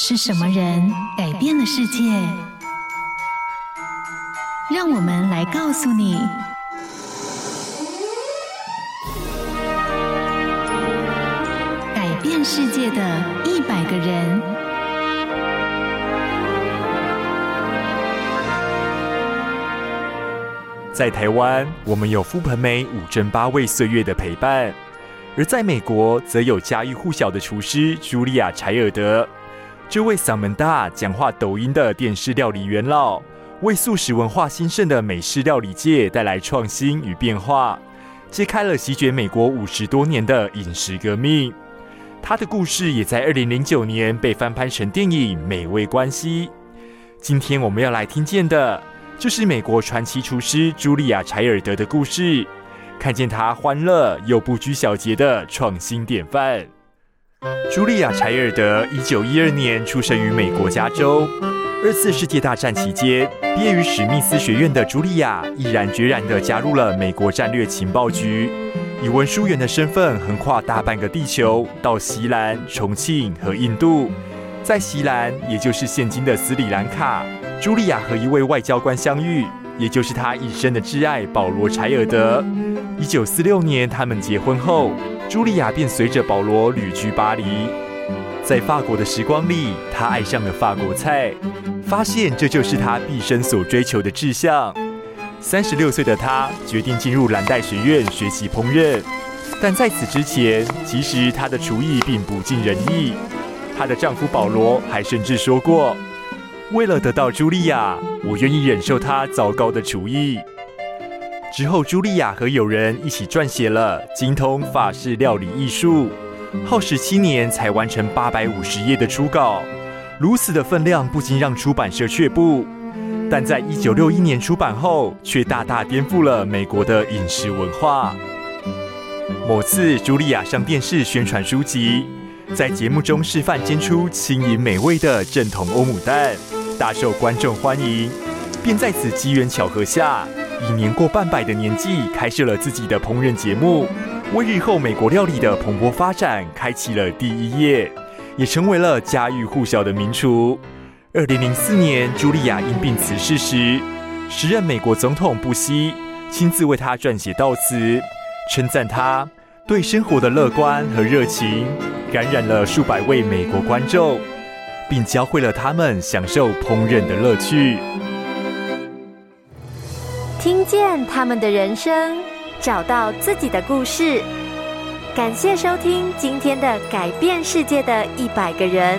是什麼人改變了世界？讓我們來告訴你：改變世界的一百個人。在台灣，我們有傅培梅、五味八珍歲月的陪伴；而在美國，則有家喻戶曉的廚師茱莉雅·柴爾德。這位嗓門大、講話抖音的電視料理元老，為素食文化興盛的美式料理界帶來創新與變化，揭開了席捲美國五十多年的飲食革命。他的故事也在二零零九年被翻拍成電影《美味關係》。今天我們要來聽見的，就是美國傳奇廚師茱莉雅·柴爾德的故事，看見他歡樂又不拘小節的創新典範。茱莉亞·柴爾德，一九一二年出生於美國加州。二次世界大戰期間，畢業於史密斯學院的茱莉亞，毅然決然地加入了美國戰略情報局，以文書員的身份橫跨大半個地球，到錫蘭、重慶和印度。在錫蘭，也就是現今的斯里蘭卡，茱莉亞和一位外交官相遇。也就是她一生的摯愛保羅柴爾德。一九四六年，他們結婚後，茱莉亞便隨着保羅旅居巴黎。在法國的時光裡，她愛上了法國菜，發現這就是她畢生所追求的志向。三十六歲的她決定進入藍帶學院學習烹飪，但在此之前，其實她的廚藝並不盡人意。她的丈夫保羅還甚至說過。為了得到茱莉亞，我願意忍受她糟糕的廚藝。之後，茱莉亞和友人一起撰寫了《精通法式料理藝術》，耗時七年才完成八百五十頁的初稿。如此的分量，不禁讓出版社卻步，但在一九六一年出版後，卻大大顛覆了美國的飲食文化。某次，茱莉亞上電視宣傳書籍，在節目中示範煎出輕盈美味的正統歐姆蛋。大受觀眾歡迎，便在此機緣巧合下，以年過半百的年紀開設了自己的烹飪節目，為日後美國料理的蓬勃發展開啟了第一頁，也成為了家喻戶曉的名廚。二零零四年，茱莉亞因病辭世時，時任美國總統布希親自為她撰寫悼詞，稱讚她對生活的樂觀和熱情感染，染了數百位美國觀眾。並教會了他們享受烹飪的樂趣。聽見他們的人生，找到自己的故事。感謝收聽今天的《改變世界的一百個人》。